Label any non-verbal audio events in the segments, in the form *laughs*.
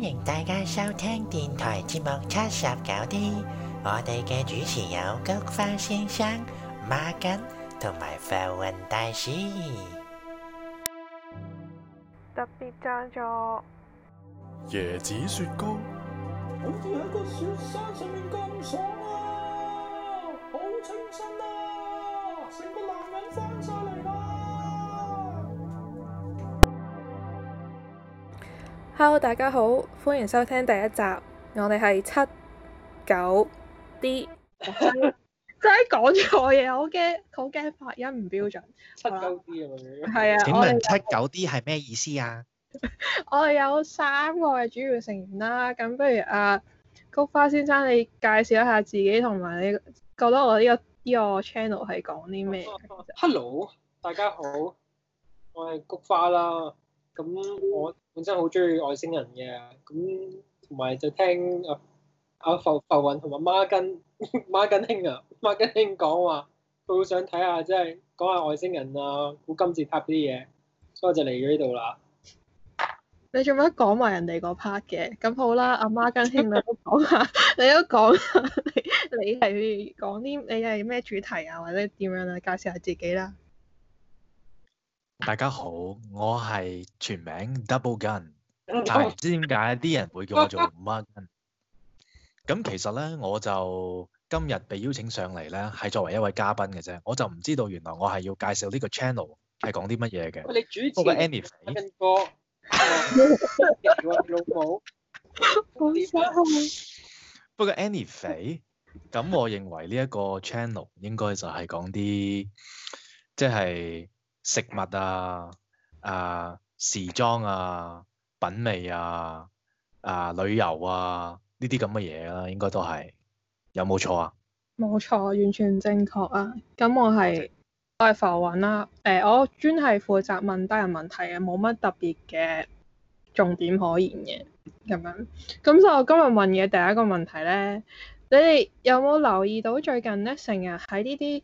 歡迎大家收聽電台節目七十九 D，我哋嘅主持有菊花先生、馬根同埋浮雲大師。特別贊助。椰子雪糕，好似喺個雪山上面咁爽。Hello，大家好，歡迎收聽第一集，我哋係七九 D， *laughs* 真係講錯嘢，好驚，好驚，發音唔標準，七九 D 啊嘛，係啊的，請問七九 D 係咩意思啊？ *laughs* 我哋有三個嘅主要成員啦，咁不如阿、啊、菊花先生，你介紹一下自己，同埋你覺得我呢個呢個 channel 係講啲咩？Hello，大家好，我係菊花啦。咁我本身好中意外星人嘅，咁同埋就聽阿阿浮浮雲同埋馬根馬根興啊，馬根興講話佢好想睇下即係講下外星人啊、古金字塔啲嘢，所以就嚟咗呢度啦。你做乜講埋人哋個 part 嘅？咁好啦，阿、啊、馬根興你 *laughs* 都講下，你都講下你，你係講啲你係咩主題啊，或者點樣啊？介紹下自己啦。大家好，我係全名 Double Gun，但係唔知點解啲人會叫我做五孖筋。咁其實咧，我就今日被邀請上嚟咧，係作為一位嘉賓嘅啫。我就唔知道原來我係要介紹呢個 channel 係講啲乜嘢嘅。你主持？不過，Any 肥哥，老母，好辛苦。不過 Any 肥，咁我認為呢一個 channel 應該就係講啲，即係。食物啊，啊時裝啊，品味啊，啊旅遊啊，呢啲咁嘅嘢啦，應該都係有冇錯啊？冇錯，完全正確啊！咁我係我係浮雲啦、啊。誒、呃，我專係負責問低人問題嘅，冇乜特別嘅重點可言嘅咁樣。咁所以我今日問嘅第一個問題咧，你哋有冇留意到最近咧成日喺呢啲？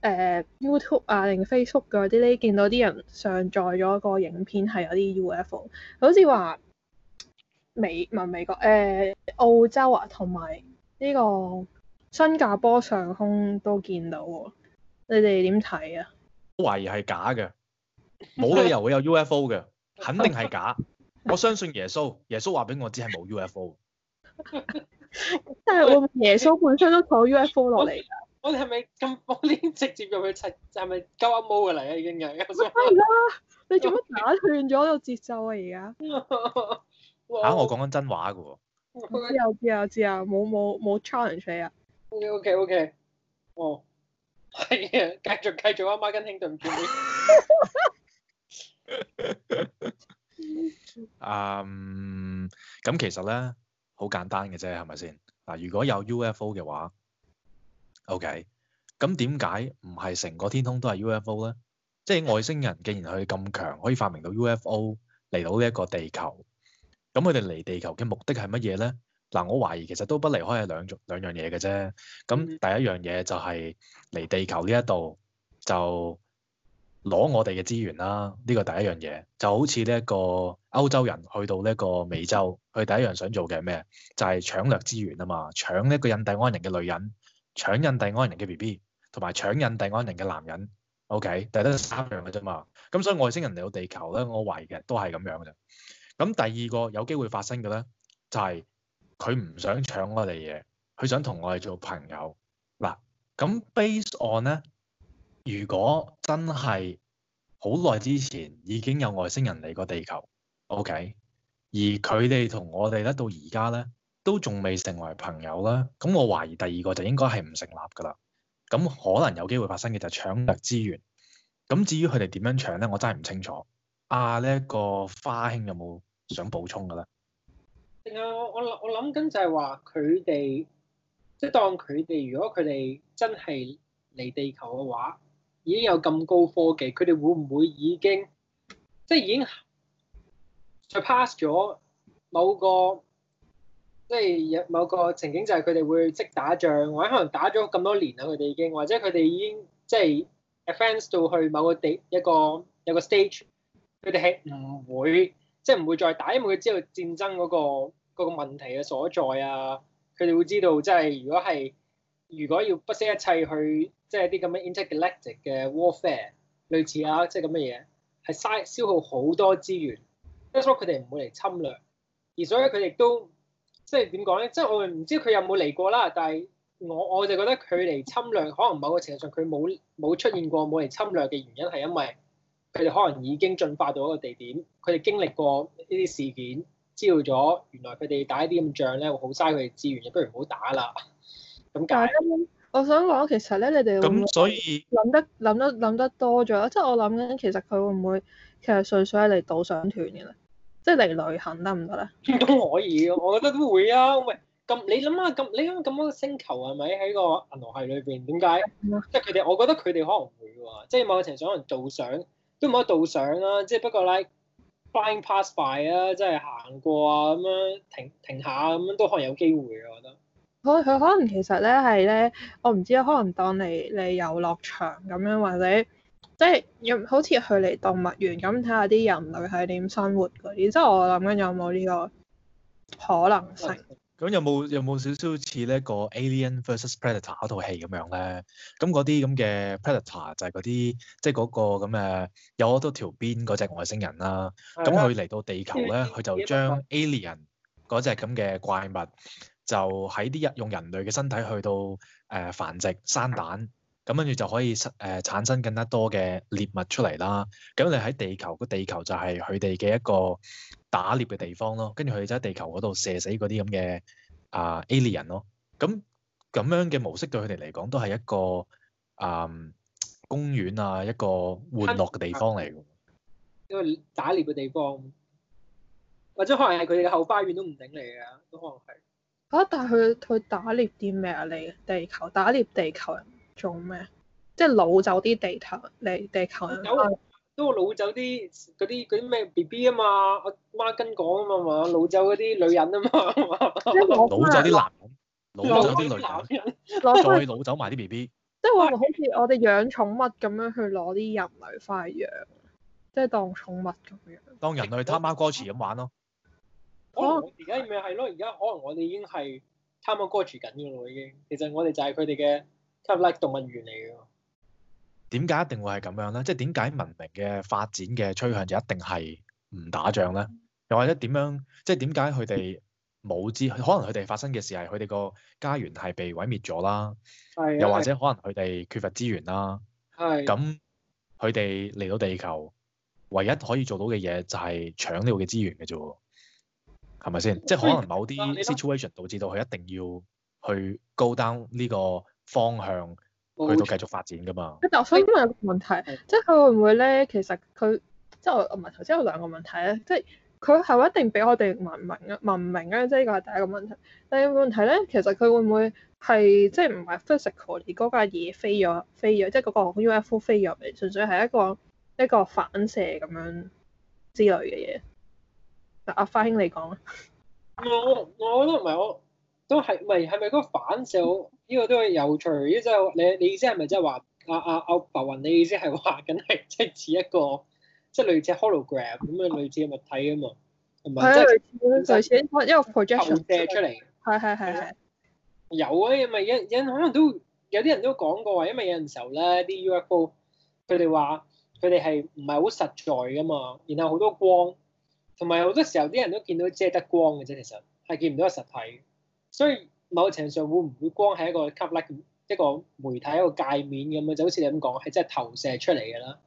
誒、uh, YouTube 啊，定 Facebook 嗰啲咧，你見到啲人上載咗個影片，係有啲 UFO，好似話美唔係美國誒、uh, 澳洲啊，同埋呢個新加坡上空都見到喎，你哋點睇啊？我懷疑係假嘅，冇理由會有 UFO 嘅，肯定係假。我相信耶穌，耶穌話俾我知係冇 UFO。即係 *laughs* 我耶穌本身都坐 UFO 落嚟。嗰啲係咪咁？嗰啲直接入去七，係咪鳩一毛嘅嚟啊？已經㗎，係啦。你做乜打斷咗個節奏啊？而家嚇我講緊真話嘅喎。我知，我知啊，我知啊，冇冇冇 challenge 啊。O K O K。哦，係啊，繼續繼續啊！媽跟兄弟唔見面。嗯。咁其實咧，好簡單嘅啫，係咪先嗱？如果有 U F O 嘅話。O K，咁點解唔係成個天空都係 U F O 呢？即、就、係、是、外星人，既然佢咁強，可以發明到 U F O 嚟到呢一個地球，咁佢哋嚟地球嘅目的係乜嘢呢？嗱、啊，我懷疑其實都不離開係兩種兩樣嘢嘅啫。咁第一樣嘢就係嚟地球呢一度就攞我哋嘅資源啦。呢、這個第一樣嘢就好似呢一個歐洲人去到呢個美洲，佢第一樣想做嘅係咩？就係、是、搶掠資源啊嘛，搶一個印第安人嘅女人。搶印第安人嘅 B B，同埋搶印第安人嘅男人，O K，就係得三樣嘅啫嘛。咁所以外星人嚟到地球咧，我懷疑嘅都係咁樣嘅啫。咁第二個有機會發生嘅咧，就係佢唔想搶我哋嘢，佢想同我哋做朋友嗱。咁 Based on 咧，如果真係好耐之前已經有外星人嚟過地球，O K，而佢哋同我哋咧到而家咧。都仲未成為朋友啦，咁我懷疑第二個就應該係唔成立噶啦。咁可能有機會發生嘅就係搶掠資源。咁至於佢哋點樣搶咧，我真係唔清楚。啊，呢一個花兄有冇想補充噶咧？仲有我我我諗緊就係話佢哋，即係當佢哋如果佢哋真係嚟地球嘅話，已經有咁高科技，佢哋會唔會已經即係已經就 pass 咗某個？即係有某個情景就係佢哋會即打仗，或者可能打咗咁多年啦，佢哋已經，或者佢哋已經即係 advance 到去某個地一個有個 stage，佢哋係唔會即係唔會再打，因為佢知道戰爭嗰、那個嗰、那個問題嘅所在啊。佢哋會知道即係、就是、如果係如果要不惜一切去即係、就、啲、是、咁樣 intergalactic 嘅 warfare，類似啊，即係咁嘅嘢係嘥消耗好多資源，所以佢哋唔會嚟侵略，而所以佢哋都。即係點講咧？即係我唔知佢有冇嚟過啦。但係我我就覺得佢嚟侵略，可能某個程度上佢冇冇出現過冇嚟侵略嘅原因係因為佢哋可能已經進化到一個地點，佢哋經歷過呢啲事件，知道咗原來佢哋打一啲咁仗咧，會好嘥佢哋資源，不如唔好打啦。咁但我想講其實咧，你哋咁所以諗得諗得諗得多咗。即係我諗緊，其實佢會唔會所其實純粹係嚟賭上團嘅咧？即係嚟旅行得唔得咧？ *laughs* 都可以，我覺得都會啊。喂咁，你諗下咁，你諗咁多個星球係咪喺個銀河系裏邊？點解？ *laughs* 即係佢哋，我覺得佢哋可能會喎、啊。即係某程度上可能到上，都冇得到上啦、啊。即係不過 like flying past by 啊，即係行過啊咁樣停停下咁、啊、樣都可能有機會啊！我覺得。佢佢可能其實咧係咧，我唔知啊。可能當你你遊樂場咁樣或者。即係有好似去嚟動物園咁睇下啲人類係點生活，然之後我諗緊有冇呢個可能性？咁、嗯、有冇有冇少少似呢、呢個《Alien vs Predator》嗰套戲咁樣咧？咁嗰啲咁嘅 Predator 就係嗰啲即係嗰、嗰個咁嘅、嗰個呃、有好多條邊嗰隻外星人啦。咁佢嚟到地球咧，佢的就將 Alien 嗰隻咁嘅怪物就喺啲日用人類嘅身體去到誒、呃、繁殖生蛋。咁跟住就可以生誒產生更加多嘅獵物出嚟啦。咁你喺地球，個地球就係佢哋嘅一個打獵嘅地方咯。跟住佢哋就喺地球嗰度射死嗰啲咁嘅啊 Alien 咯。咁咁樣嘅模式對佢哋嚟講都係一個啊、嗯、公園啊，一個玩樂嘅地方嚟，因為打獵嘅地方或者可能係佢哋嘅後花園都唔定，你唔頂你嘅，都可能係嚇、啊。但係佢佢打獵啲咩啊？你地球打獵地球。做咩？即係老走啲地球嚟地球人。有都係擄走啲嗰啲啲咩 B B 啊嘛，孖、啊、跟講啊嘛，嘛，老走嗰啲女人啊嘛，就是、老走啲男人，老走啲女人，老人再老走埋啲 B B。即係話好似我哋養寵物咁樣去攞啲人類翻去養，即係當寵物咁樣。當人類他媽哥池咁玩咯、啊。哦、啊，而家咪係咯，而家可，可能我哋已經係他媽哥池緊要咯，已經。其實我哋就係佢哋嘅。即係、like、動物園嚟嘅。點解一定會係咁樣咧？即係點解文明嘅發展嘅趨向就一定係唔打仗咧？又或者點樣？即係點解佢哋冇知？可能佢哋發生嘅事係佢哋個家園係被毀滅咗啦。的又或者可能佢哋缺乏資源啦。係的。咁佢哋嚟到地球，唯一可以做到嘅嘢就係搶呢個嘅資源嘅啫。係咪先？即係的可能某啲 situation 導致到佢一定要去 go down 呢、呢個。方向去到繼續發展噶嘛？但我所以因為有個問題，即係佢會唔會咧？其實佢即係我唔係頭先有兩個問題咧，即係佢係會一定比我哋文明啊，文明啊，即係呢個係第一個問題。第二個問題咧，其實佢會唔會係即係唔係 physical 而嗰架嘢飛咗飛咗，即係嗰個 UFO 飛咗嚟，純粹係一個一個反射咁樣之類嘅嘢？嗱，阿花兄，你講啊？我我都唔係好。都係咪係咪嗰個反射？呢、呢個都係有趣。依就是，你你意思係咪即係話阿阿阿白雲，你意思係話緊係即係似一個即係，就是、類似 hologram 咁樣類似嘅物體啊嘛，係即，就是、類似類似因為 projection 出嚟係係係係有啊！因為有有可能都有啲人都講過話，因為有陣時候咧啲 UFO 佢哋話佢哋係唔係好實在噶嘛？然後好多光同埋好多時候啲人都見到遮得光嘅啫，其實係見唔到實體。所以某程度上會唔會光係一個吸、like、一個媒體一個界面咁樣，就樣，就好似你咁講，係真係投射出嚟嘅啦。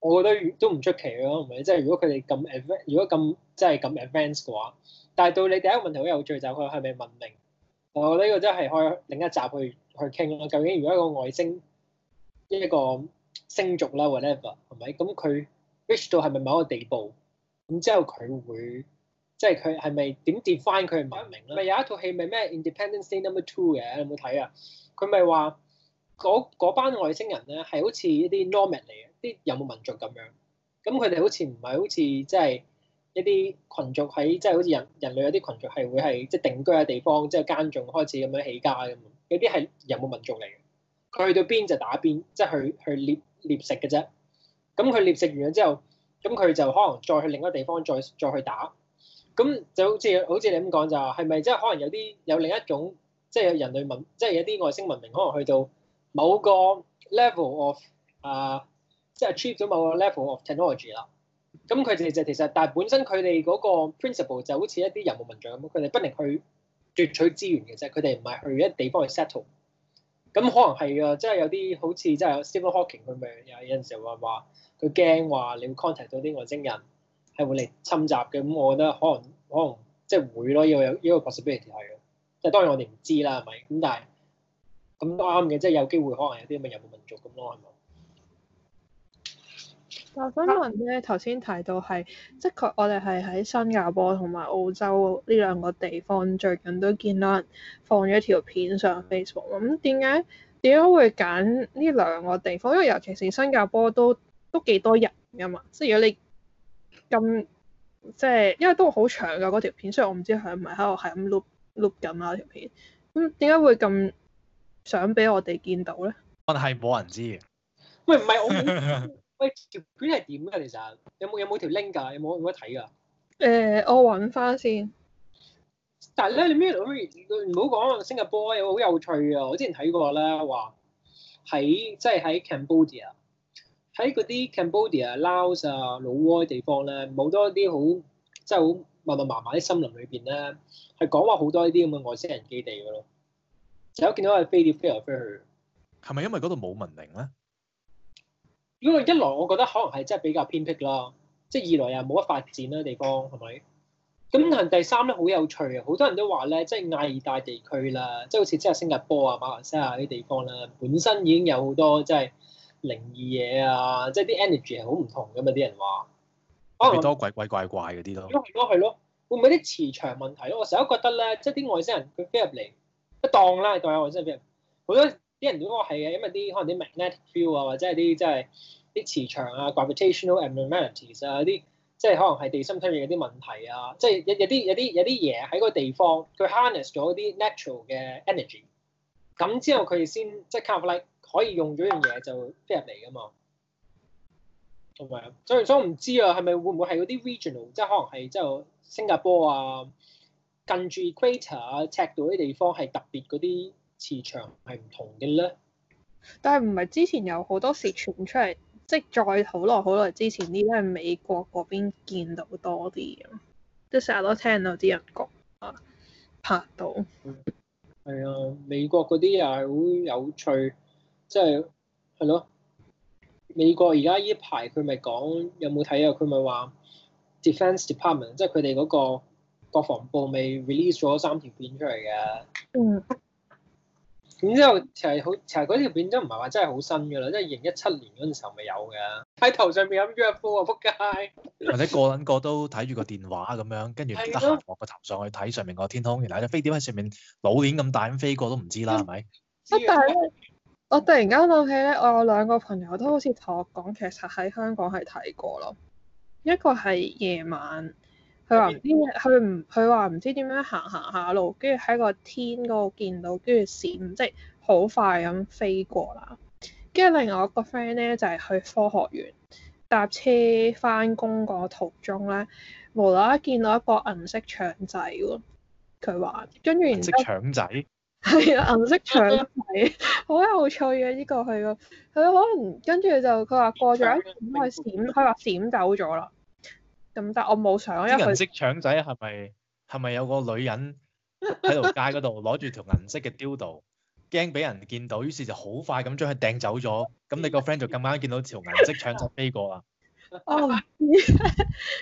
我覺得都唔出奇咯，係咪？即係如果佢哋咁如果咁即係咁 advance 嘅話，但係到你第一個問題好有趣就係佢係咪文明？我覺得呢個真係可以另一集去去傾啦。究竟如果一個外星一個星族啦，whatever 係咪？咁佢 reach 到係咪某一個地步？咁之後佢會？即係佢係咪點 define 佢嘅文明咧？咪有一套戲咪咩 Independence Day Number Two 嘅？你有冇睇啊？佢咪話嗰班外星人咧，係好似一啲 nomad 嚟嘅啲遊牧民族咁樣。咁佢哋好似唔係好似即係一啲群族喺即係好似人人類有啲群族係會係即係定居嘅地方，即係耕種開始咁樣起家咁啊。有啲係遊牧民族嚟嘅。佢去到邊就打邊，即係去去獵獵食嘅啫。咁佢獵食完咗之後，咁佢就可能再去另一個地方再，再再去打。咁就好似好似你咁講就係咪即係可能有啲有另一種即係、就是、人類文即係有啲外星文明可能去到某個 level of 啊、uh，即係 achieved 咗某個 level of technology 啦。咁佢哋就其實但係本身佢哋嗰個 principle 就好似一啲遊牧民族咁，佢哋不停去奪取資源嘅啫。佢哋唔係去一地方去 settle。咁可能係啊，即、就、係、是、有啲好似即係 Stephen Hawking 咁樣有有陣時話話佢驚話你 contact 到啲外星人。係會嚟侵襲嘅，咁我覺得可能可能即係會咯，要有呢個 possibility 係嘅。即係當然我哋唔知啦，係咪？咁但係咁都啱嘅，即係有機會可能有啲咁嘅遊牧民族咁咯，係咪？我想問咧，頭先提到係即係我哋係喺新加坡同埋澳洲呢兩個地方最近都見到人放咗條片上 Facebook，咁點解點解會揀呢兩個地方？因為尤其是新加坡都都幾多人㗎嘛，即係如果你。咁、嗯、即係，因為都好長噶嗰條片，所以我唔知佢係唔係喺度係咁錄錄緊啊條片。咁點解會咁想俾我哋見到咧 *laughs* ？我係冇人知嘅。喂，唔係我，喂條片係點噶？其實有冇有冇條 link 噶？有冇有冇得睇噶？誒、欸，我搵翻先。但係咧，你咩？唔好講新加坡啊，有好有，有趣啊？我之前睇過咧，話喺即係喺 Cambodia。喺嗰啲 Cambodia、Laos 啊、老撾地方咧，好多啲好，即係好密密麻麻啲森林裏邊咧，係講話好多呢啲咁嘅外星人基地㗎咯，成日都見到佢飛嚟飛飛去。係咪因為嗰度冇文明咧？因為一來我覺得可能係真係比較偏僻啦，即係二來又冇乜發展啦，地方係咪？咁但係第三咧好有趣啊，好多人都話咧，即係亞熱帶地區啦，即係好似即係新加坡啊、馬來西亞啲地方啦，本身已經有好多即係。靈異嘢啊，即係啲 energy 係好唔同㗎嘛。啲人話，可能多鬼鬼怪怪嗰啲咯。如果係咯，係會唔會啲磁場問題咯？我成日都覺得咧，即係啲外星人佢飛入嚟，不當啦，當有外星人飛入。好多啲人都話係嘅，因為啲可能啲 magnetic field 啊，或者係啲即係啲磁場啊，gravitational abnormalities 啊，啲即係可能係地心體面有啲問題啊，即係有有啲有啲有啲嘢喺個地方，佢 harness 咗啲 natural 嘅 energy，咁之後佢哋先即係 kind of like。可以用咗樣嘢就飛入嚟㗎嘛，同埋，所以所以我唔知啊，係咪會唔會係嗰啲 regional，即係可能係即係新加坡啊，近住 equator 啊，赤道啲地方係特別嗰啲磁場係唔同嘅咧？但係唔係之前有好多事傳出嚟，即係再好耐好耐之前，呢啲係美國嗰邊見到多啲即都成日都聽到啲人講啊，拍到，係啊，美國嗰啲又係好有趣。即係係咯，美國而家依排佢咪講有冇睇啊？佢咪話 Defense Department，即係佢哋嗰個國防部未 release 咗三條片出嚟㗎。嗯。然之後其實好，其實嗰條片都唔係話真係好新㗎啦，即係二零一七年嗰陣時候咪有㗎。喺頭上面有 UFO 啊，撲街！或者個撚個都睇住個電話咁樣，跟住得閒望個頭上去睇上面個天空，的原來隻飛碟喺上面老臉咁大咁飛過都唔知啦，係咪、嗯？的我突然間諗起咧，我有兩個朋友都好似同我講，其實喺香港係睇過咯。一個係夜晚，佢話唔知佢唔佢話唔知點樣行行下路，跟住喺個天嗰度見到，跟住閃即係好快咁飛過啦。跟住另外一個 friend 咧就係、是、去科學園搭車翻工個途中咧，無啦啦見到一個銀色腸仔喎，佢話跟住銀色腸仔。係啊， *laughs* 銀色長腸仔 *laughs* 好有趣嘅呢、呢個係啊，佢可能跟住就佢話過咗一秒，佢佢話閃走咗啦。咁但我冇想，因為銀色腸仔係咪係咪有個女人喺度街嗰度攞住條銀色嘅雕度，驚俾 *laughs* 人見到，於是就好快咁將佢掟走咗。咁你嗰個 friend 就咁啱見到條銀色腸仔飛過啦。 *laughs* 但我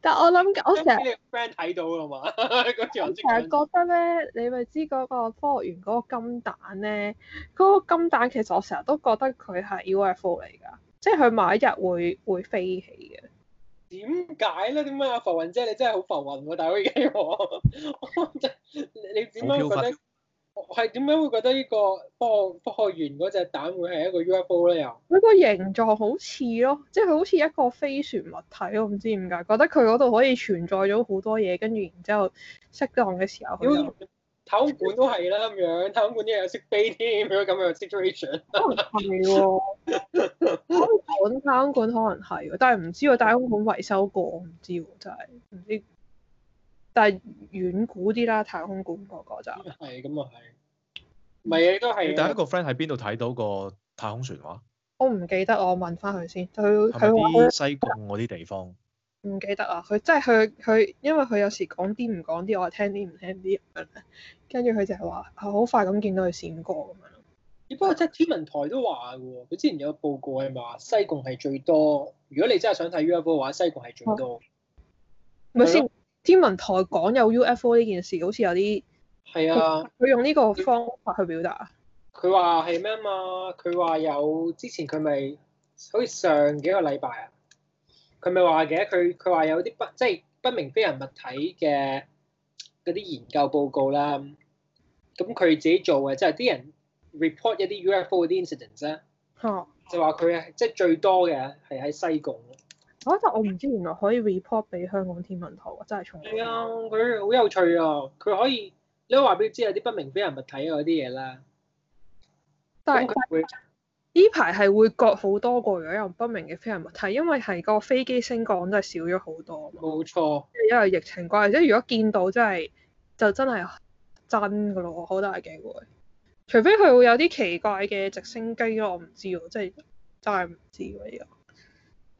但係我諗，我成日俾你 friend 睇到噶嘛。我成日覺得咧，你咪知嗰個科學園嗰個金蛋咧，嗰、嗰個金蛋其實我成日都覺得佢係 UFO 嚟噶，即係佢某一日會會飛起嘅。點解咧？點解阿浮雲姐你真係好浮雲、啊？大佬已經我， *laughs* 你點解覺得？我係點樣會覺得呢個科學園嗰隻蛋會係一個 UFO 咧？又佢個形狀好似咯，即係佢好似一個飛船物體，我唔知點解，覺得佢嗰度可以存在咗好多嘢，跟住然之後適當嘅時候。要太空館都係啦，咁樣太空館都有識飛添，咁樣咁樣 situation。係，太空館可能係，但係唔知啊，太空館維 *laughs* 修過唔知我真係。就是但係遠古啲啦，太空館嗰個就係咁啊，係，唔係啊，都係。你第一個 friend 喺邊度睇到個太空船話？我唔記得，我問翻佢先。佢佢話西貢嗰啲地方。唔記得啊！佢即係佢佢，因為佢有時講啲唔講啲，我係聽啲唔聽啲，跟住佢就係話，好快咁見到佢閃過咁樣咯。不過即係天文台都話嘅喎，佢之前有報告，係話西貢係最多。如果你真係想睇 UFO 嘅話，西貢係最多。咪先、啊。等等天文台講有 UFO 呢件事，好似有啲係啊。佢用呢個方法去表達啊？佢話係咩嘛？佢話有之前佢咪好似上幾個禮拜啊，佢咪話嘅佢佢話有啲不即係、就是、不明飛行物體嘅嗰啲研究報告啦。咁佢自己做嘅即係啲人 report 一啲 UFO 啲 incident 啊，就話佢即係最多嘅係喺西貢。啊、但我但係我唔知原來可以 report 俾香港天文台，真係從係啊，佢好有趣啊、哦！佢可以你話俾佢知有啲不明飛行物體啊嗰啲嘢啦。但係呢排係會覺好多個樣有不明嘅飛行物體，因為係個飛機升降真係少咗好多。冇錯錯，因為疫情關係，即係如果見到真係就真係真噶咯，好大嘅機會。除非佢會有啲奇怪嘅直升機咯，我唔知哦，真係真係唔知喎呢個。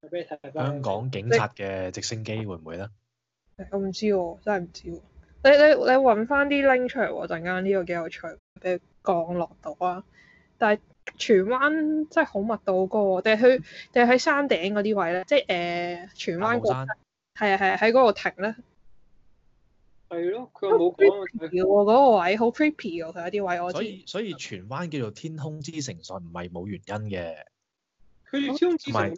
看看香港警察嘅直升機會唔會咧？我唔知，真係唔知。你你你揾翻啲 link 出嚟，陣間呢個幾有趣。俾降落到、呃那個、啊！但係荃灣真係好密度高，定係去定係喺山頂嗰啲位咧？即係誒，荃灣嗰係啊係啊，喺嗰個停咧。係咯，佢又冇講嗰個位，好 creepy 㗎。佢有啲位所以我知所以，所以荃灣叫做天空之城，上唔係冇原因嘅。佢叫天空之城，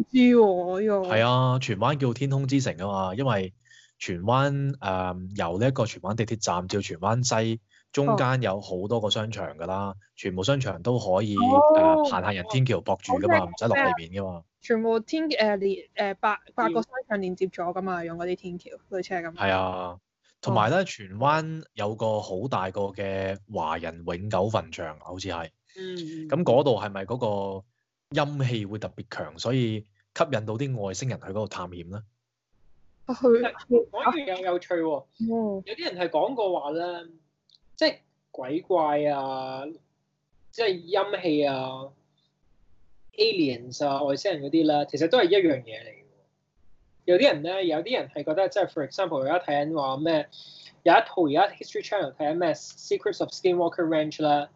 唔知我又係啊，荃灣叫天空之城啊嘛，因為荃灣誒、呃、由呢一個荃灣地鐵站至荃灣西中間有好多個商場噶啦，oh. 全部商場都可以誒、oh. 呃、行下人天橋駁住噶嘛，唔使 Okay. 落地面噶嘛，全部天誒連誒八八個商場連接咗噶嘛，用嗰啲天橋類似係咁。係啊，同埋咧，荃灣有個好大個嘅華人永久墳場，好似係，咁嗰度係咪嗰個？陰氣會特別強，所以吸引到啲外星人去嗰度探險咧。啊，佢嗰邊有趣、哦，Yeah. 有啲人係講過話咧，即係鬼怪啊，即係陰氣啊，aliens 啊，外星人嗰啲咧，其實都係一樣嘢嚟。有啲人咧，有啲人係覺得，即係 for example，而家睇緊話咩，有一套而家 history channel 睇緊咩 Secrets of Skinwalker Ranch 啦。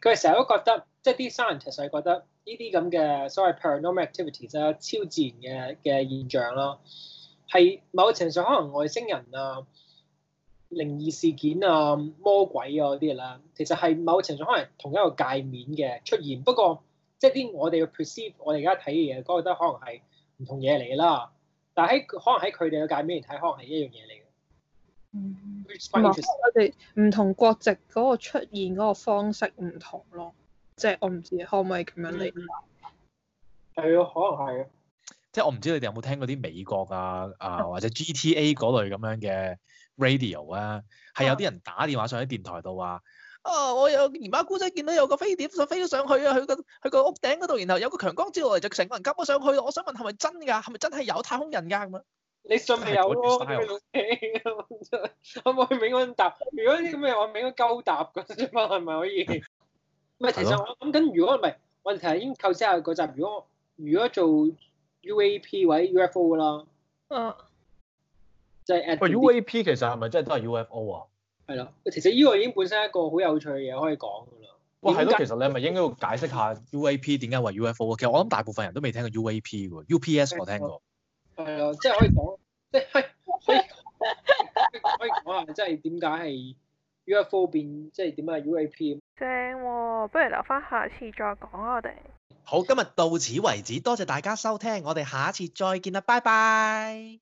佢係成日都覺得，即係啲 scientist 其實係覺得。呢啲咁嘅所謂 paranormal activities 啊，超自然嘅嘅現象咯，係某程度上可能外星人啊、靈異事件啊、魔鬼啊嗰啲啦，其實係某程度上可能同一個界面嘅出現，不過即係啲我哋嘅 perceive，我哋而家睇嘅嘢，覺得可能係唔同嘢嚟啦。但係可能喺佢哋嘅界面嚟睇，可能係一樣嘢嚟嘅。嗯，我哋唔同國籍嗰個出現嗰個方式唔同咯。即係我唔知可唔可以咁樣嚟？係啊，可能係啊。即係我唔知你哋有冇聽過啲美國啊啊 *laughs* 或者 G T A 嗰類咁樣嘅 radio 啊。係有啲人打電話上喺電台度話：啊，我有姨媽姑仔見到有個飛碟想飛上去啊，佢個去個屋頂嗰度，然後有個強光照落嚟，就成個人夾咗上去。我想問係咪真噶？係咪真係有太空人噶？咁啊，你信未有可唔可以俾我答？如果咁樣，我搵個鳩答噶啫嘛？係咪可以？ *laughs* 唔係，其實我諗緊，如果唔係我哋提下已經構思下嗰集。如果如果做 UAP 或者 UFO 啦，嗯、啊，就係誒。喂，UAP 其實係咪真係都係 UFO 啊？係咯，其實呢個已經本身一個好有趣嘅嘢可以講噶啦。哇，係咯，其實你係咪應該要解釋下 UAP 點解話 UFO 啊？其實我諗大部分人都未聽過 UAP 喎，UPS 我聽過。係啊，即係可以講，即係可以可以可以講啊！即係點解係？UFO, u f o 變即係點啊？UAP 正喎，哦，不如留返下次再講啊！我哋好，今日到此為止，多謝大家收聽，我哋下一次再見啦，拜拜。